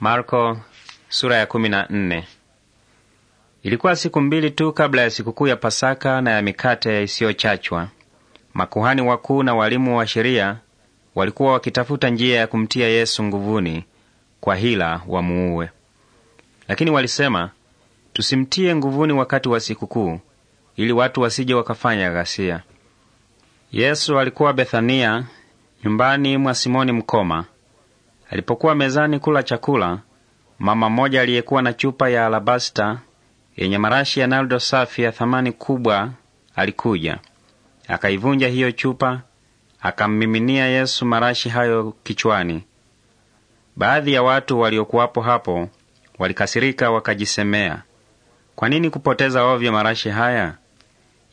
Marko sura ya kumi na nne. Ilikuwa siku mbili tu kabla ya sikukuu ya Pasaka na ya mikate isiyochachwa. Makuhani wakuu na walimu wa sheria walikuwa wakitafuta njia ya kumtia Yesu nguvuni kwa hila wamuue, lakini walisema, tusimtie nguvuni wakati wa sikukuu, ili watu wasije wakafanya ghasia. Yesu alikuwa Bethania, nyumbani mwa Simoni mkoma Alipokuwa mezani kula chakula, mama mmoja aliyekuwa na chupa ya alabasta yenye marashi ya naldo safi ya thamani kubwa alikuja, akaivunja hiyo chupa, akammiminia Yesu marashi hayo kichwani. Baadhi ya watu waliokuwapo hapo walikasirika, wakajisemea, kwa nini kupoteza ovyo marashi haya?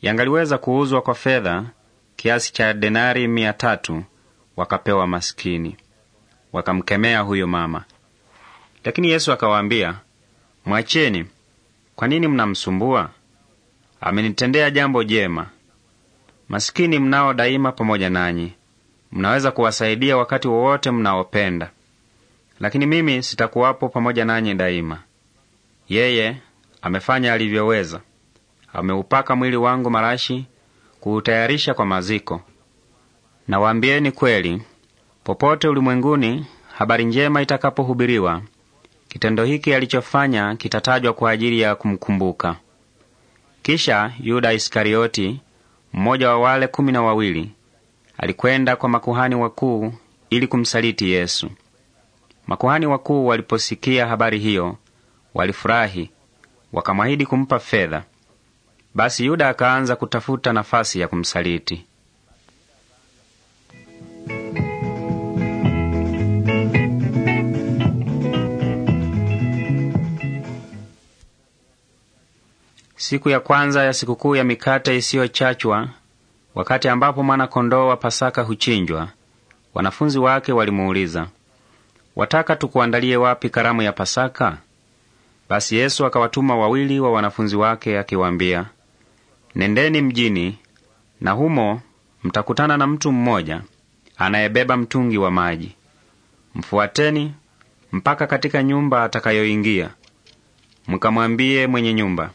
Yangaliweza kuuzwa kwa fedha kiasi cha denari mia tatu wakapewa maskini wakamkemea huyo mama. Lakini Yesu akawaambia, mwacheni. Kwa nini mnamsumbua? Amenitendea jambo jema. Masikini mnao daima pamoja nanyi, mnaweza kuwasaidia wakati wowote mnaopenda, lakini mimi sitakuwapo pamoja nanyi daima. Yeye amefanya alivyoweza, ameupaka mwili wangu marashi kuutayarisha kwa maziko. Nawaambieni kweli, Popote ulimwenguni habari njema itakapohubiriwa, kitendo hiki alichofanya kitatajwa kwa ajili ya kumkumbuka. Kisha Yuda Iskarioti, mmoja wa wale kumi na wawili, alikwenda kwa makuhani wakuu ili kumsaliti Yesu. Makuhani wakuu waliposikia habari hiyo walifurahi, wakamwahidi kumpa fedha. Basi Yuda akaanza kutafuta nafasi ya kumsaliti. siku ya kwanza ya sikukuu ya mikate isiyochachwa, wakati ambapo mwana-kondoo wa Pasaka huchinjwa, wanafunzi wake walimuuliza, wataka tukuandalie wapi karamu ya Pasaka? Basi Yesu akawatuma wawili wa wanafunzi wake akiwaambia, nendeni mjini na humo mtakutana na mtu mmoja anayebeba mtungi wa maji. Mfuateni mpaka katika nyumba atakayoingia, mkamwambie mwenye nyumba,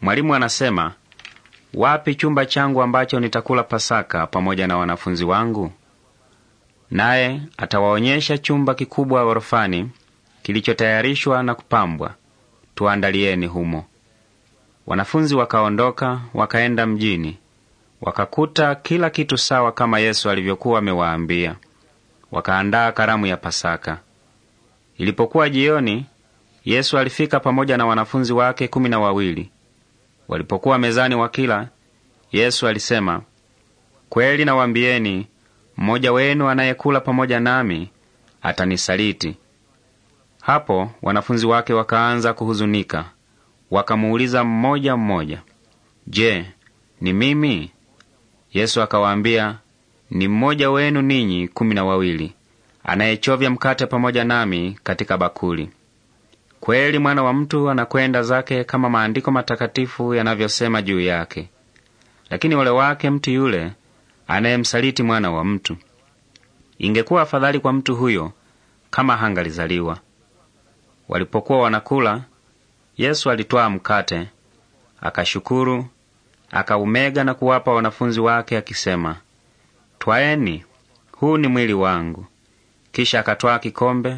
Mwalimu anasema, wapi chumba changu ambacho nitakula Pasaka pamoja na wanafunzi wangu? Naye atawaonyesha chumba kikubwa ghorofani kilichotayarishwa na kupambwa, tuandalieni humo. Wanafunzi wakaondoka wakaenda mjini, wakakuta kila kitu sawa kama Yesu alivyokuwa amewaambia. Wakaandaa karamu ya Pasaka. Ilipokuwa jioni, Yesu alifika pamoja na wanafunzi wake kumi na wawili. Walipokuwa mezani wakila, Yesu alisema, kweli nawaambieni, mmoja wenu anayekula pamoja nami atanisaliti. Hapo wanafunzi wake wakaanza kuhuzunika, wakamuuliza mmoja mmoja, Je, ni mimi? Yesu akawaambia, ni mmoja wenu ninyi kumi na wawili anayechovya mkate pamoja nami katika bakuli. Kweli mwana wa mtu anakwenda zake kama maandiko matakatifu yanavyosema juu yake. Lakini ole wake mtu yule anayemsaliti mwana wa mtu. Ingekuwa afadhali kwa mtu huyo kama hangalizaliwa. Walipokuwa wanakula, Yesu alitwaa mkate, akashukuru, akaumega na kuwapa wanafunzi wake akisema, twaeni, huu ni mwili wangu. Kisha akatwaa kikombe,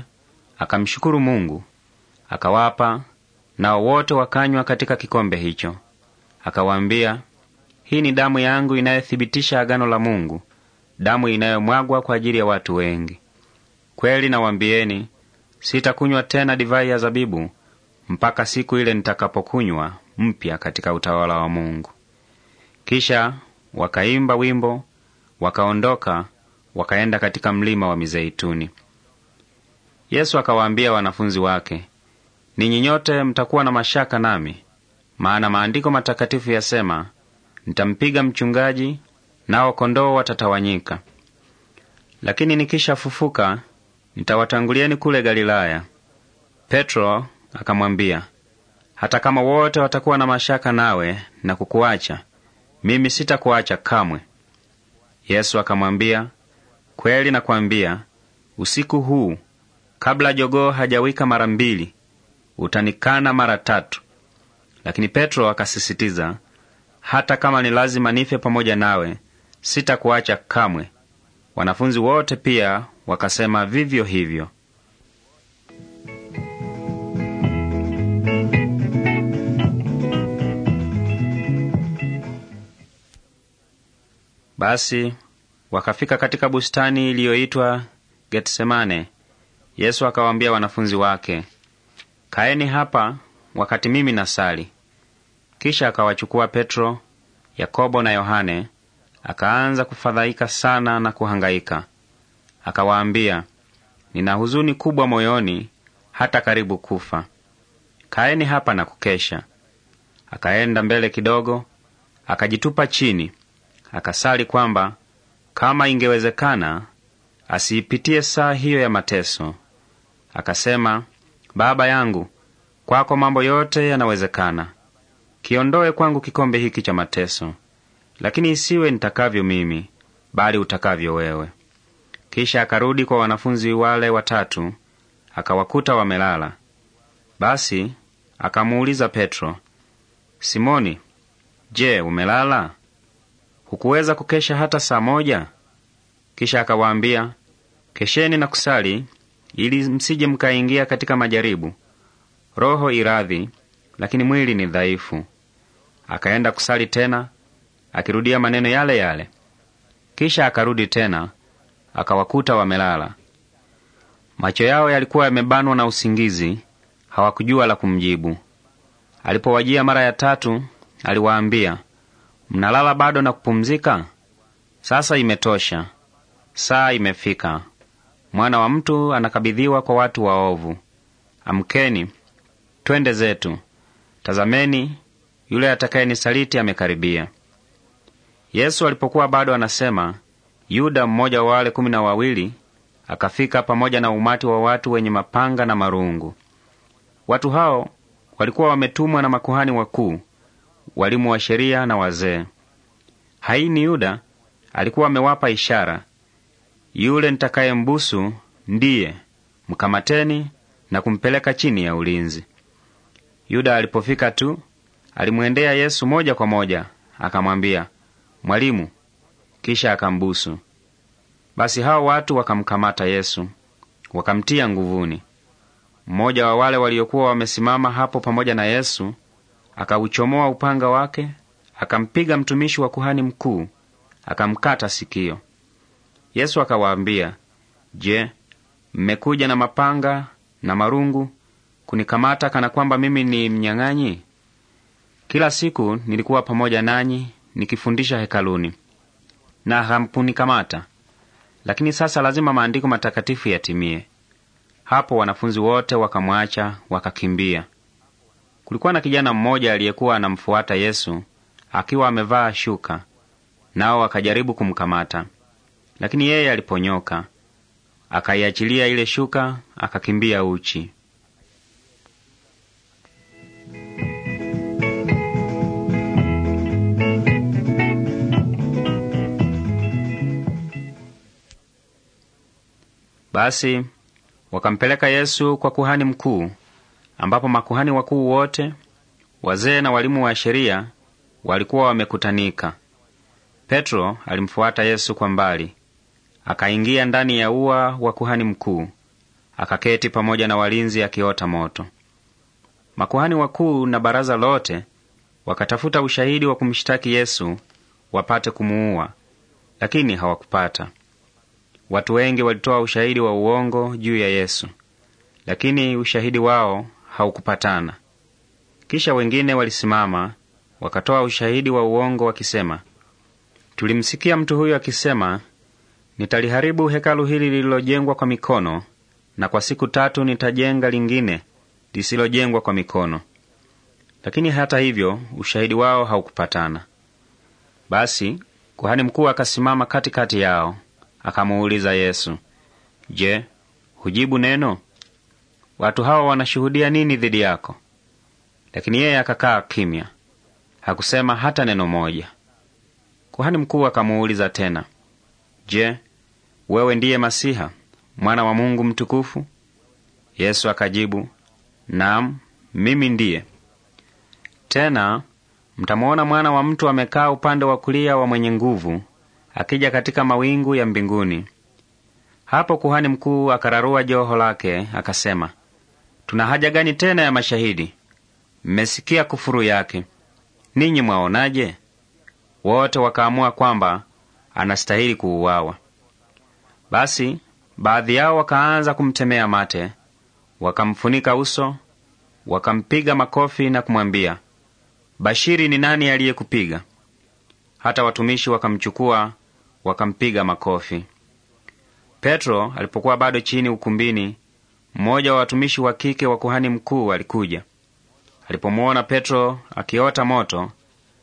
akamshukuru Mungu, akawapa, nao wote wakanywa katika kikombe hicho. Akawaambia, hii ni damu yangu inayothibitisha agano la Mungu, damu inayomwagwa kwa ajili ya watu wengi. Kweli nawaambieni, sitakunywa tena divai ya zabibu mpaka siku ile nitakapokunywa mpya katika utawala wa Mungu. Kisha wakaimba wimbo, wakaondoka, wakaenda katika mlima wa Mizeituni. Yesu akawaambia wanafunzi wake, ninyi nyote mtakuwa na mashaka nami, maana maandiko matakatifu yasema, nitampiga mchungaji, nao kondoo watatawanyika. Lakini nikishafufuka nitawatangulieni kule Galilaya. Petro akamwambia, hata kama wote watakuwa na mashaka nawe na kukuacha, mimi sitakuacha kamwe. Yesu akamwambia, kweli nakwambia, usiku huu kabla jogoo hajawika mara mbili utanikana mara tatu. Lakini Petro akasisitiza, hata kama ni lazima nife pamoja nawe, sitakuacha kamwe. Wanafunzi wote pia wakasema vivyo hivyo. Basi wakafika katika bustani iliyoitwa Getsemane. Yesu akawaambia wanafunzi wake, kaeni hapa wakati mimi nasali. Kisha akawachukua Petro, Yakobo na Yohane, akaanza kufadhaika sana na kuhangaika. Akawaambia, nina huzuni kubwa moyoni hata karibu kufa. Kaeni hapa na kukesha. Akaenda mbele kidogo, akajitupa chini, akasali kwamba kama ingewezekana asiipitie saa hiyo ya mateso. Akasema, Baba yangu, kwako mambo yote yanawezekana. Kiondoe kwangu kikombe hiki cha mateso, lakini isiwe nitakavyo mimi, bali utakavyo wewe. Kisha akarudi kwa wanafunzi wale watatu, akawakuta wamelala. Basi akamuuliza Petro, Simoni, je, umelala? Hukuweza kukesha hata saa moja? Kisha akawaambia, kesheni na kusali ili msije mkaingia katika majaribu. Roho iradhi, lakini mwili ni dhaifu. Akaenda kusali tena, akirudia maneno yale yale. Kisha akarudi tena, akawakuta wamelala. Macho yao yalikuwa yamebanwa na usingizi, hawakujua la kumjibu. Alipowajia mara ya tatu, aliwaambia, mnalala bado na kupumzika? Sasa imetosha, saa imefika. Mwana wa mtu anakabidhiwa kwa watu waovu. Amkeni, twende zetu. Tazameni, yule atakayenisaliti amekaribia. Yesu alipokuwa bado anasema, Yuda, mmoja wa wale kumi na wawili, akafika pamoja na umati wa watu wenye mapanga na marungu. Watu hao walikuwa wametumwa na makuhani wakuu, walimu wa sheria na wazee. Haini Yuda alikuwa amewapa ishara yule nitakayembusu ndiye, mkamateni na kumpeleka chini ya ulinzi. Yuda alipofika tu alimwendea Yesu moja kwa moja, akamwambia Mwalimu, kisha akambusu. Basi hao watu wakamkamata Yesu wakamtia nguvuni. Mmoja wa wale waliokuwa wamesimama hapo pamoja na Yesu akauchomoa upanga wake akampiga mtumishi wa kuhani mkuu akamkata sikio. Yesu akawaambia, Je, mmekuja na mapanga na marungu kunikamata kana kwamba mimi ni mnyang'anyi? Kila siku nilikuwa pamoja nanyi nikifundisha hekaluni na hamkunikamata. Lakini sasa lazima maandiko matakatifu yatimie. Hapo wanafunzi wote wakamwacha wakakimbia. Kulikuwa na kijana mmoja aliyekuwa anamfuata Yesu akiwa amevaa shuka, nao wakajaribu kumkamata. Lakini yeye aliponyoka akaiachilia ile shuka, akakimbia uchi. Basi wakampeleka Yesu kwa kuhani mkuu, ambapo makuhani wakuu wote, wazee na walimu wa sheria walikuwa wamekutanika. Petro alimfuata Yesu kwa mbali, Akaingia ndani ya ua wa kuhani mkuu, akaketi pamoja na walinzi akiota moto. Makuhani wakuu na baraza lote wakatafuta ushahidi wa kumshtaki Yesu wapate kumuua, lakini hawakupata. Watu wengi walitoa ushahidi wa uongo juu ya Yesu, lakini ushahidi wao haukupatana. Kisha wengine walisimama wakatoa ushahidi wa uongo wakisema, tulimsikia mtu huyo akisema Nitaliharibu hekalu hili lililojengwa kwa mikono, na kwa siku tatu nitajenga lingine lisilojengwa kwa mikono. Lakini hata hivyo ushahidi wao haukupatana. Basi kuhani mkuu akasimama katikati yao, akamuuliza Yesu, Je, hujibu neno? Watu hawa wanashuhudia nini dhidi yako? Lakini yeye akakaa kimya, hakusema hata neno moja. Kuhani mkuu akamuuliza tena, Je, wewe ndiye Masiha mwana wa Mungu mtukufu? Yesu akajibu, naam, mimi ndiye. Tena mtamwona mwana wa mtu amekaa upande wa kulia wa mwenye nguvu, akija katika mawingu ya mbinguni. Hapo kuhani mkuu akararua joho lake, akasema, tuna haja gani tena ya mashahidi? Mmesikia kufuru yake, ninyi mwaonaje? Wote wakaamua kwamba anastahili kuuawa. Basi baadhi yao wakaanza kumtemea mate, wakamfunika uso, wakampiga makofi na kumwambia, Bashiri, ni nani aliyekupiga? Hata watumishi wakamchukua wakampiga makofi. Petro alipokuwa bado chini ukumbini, mmoja wa watumishi wa kike wa kuhani mkuu alikuja. Alipomwona Petro akiota moto,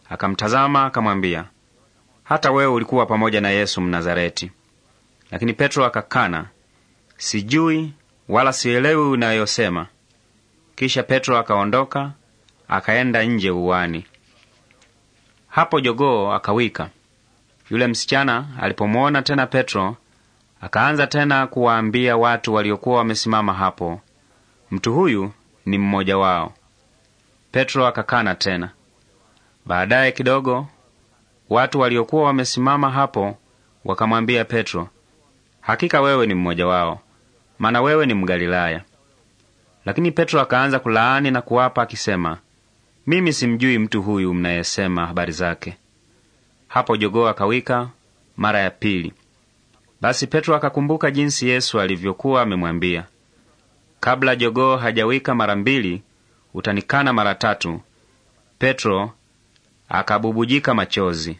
akamtazama akamwambia, hata wewe ulikuwa pamoja na Yesu Mnazareti. Lakini Petro akakana, sijui wala sielewi unayosema. Kisha Petro akaondoka akaenda nje uwani. Hapo jogoo akawika. Yule msichana alipomwona tena Petro, akaanza tena kuwaambia watu waliokuwa wamesimama hapo, mtu huyu ni mmoja wao. Petro akakana tena. Baadaye kidogo Watu waliokuwa wamesimama hapo wakamwambia Petro, hakika wewe ni mmoja wao, maana wewe ni Mgalilaya. Lakini Petro akaanza kulaani na kuwapa akisema, mimi simjui mtu huyu mnayesema habari zake. Hapo jogoo akawika mara ya pili. Basi Petro akakumbuka jinsi Yesu alivyokuwa amemwambia, kabla jogoo hajawika mara mbili, utanikana mara tatu. Petro akabubujika machozi.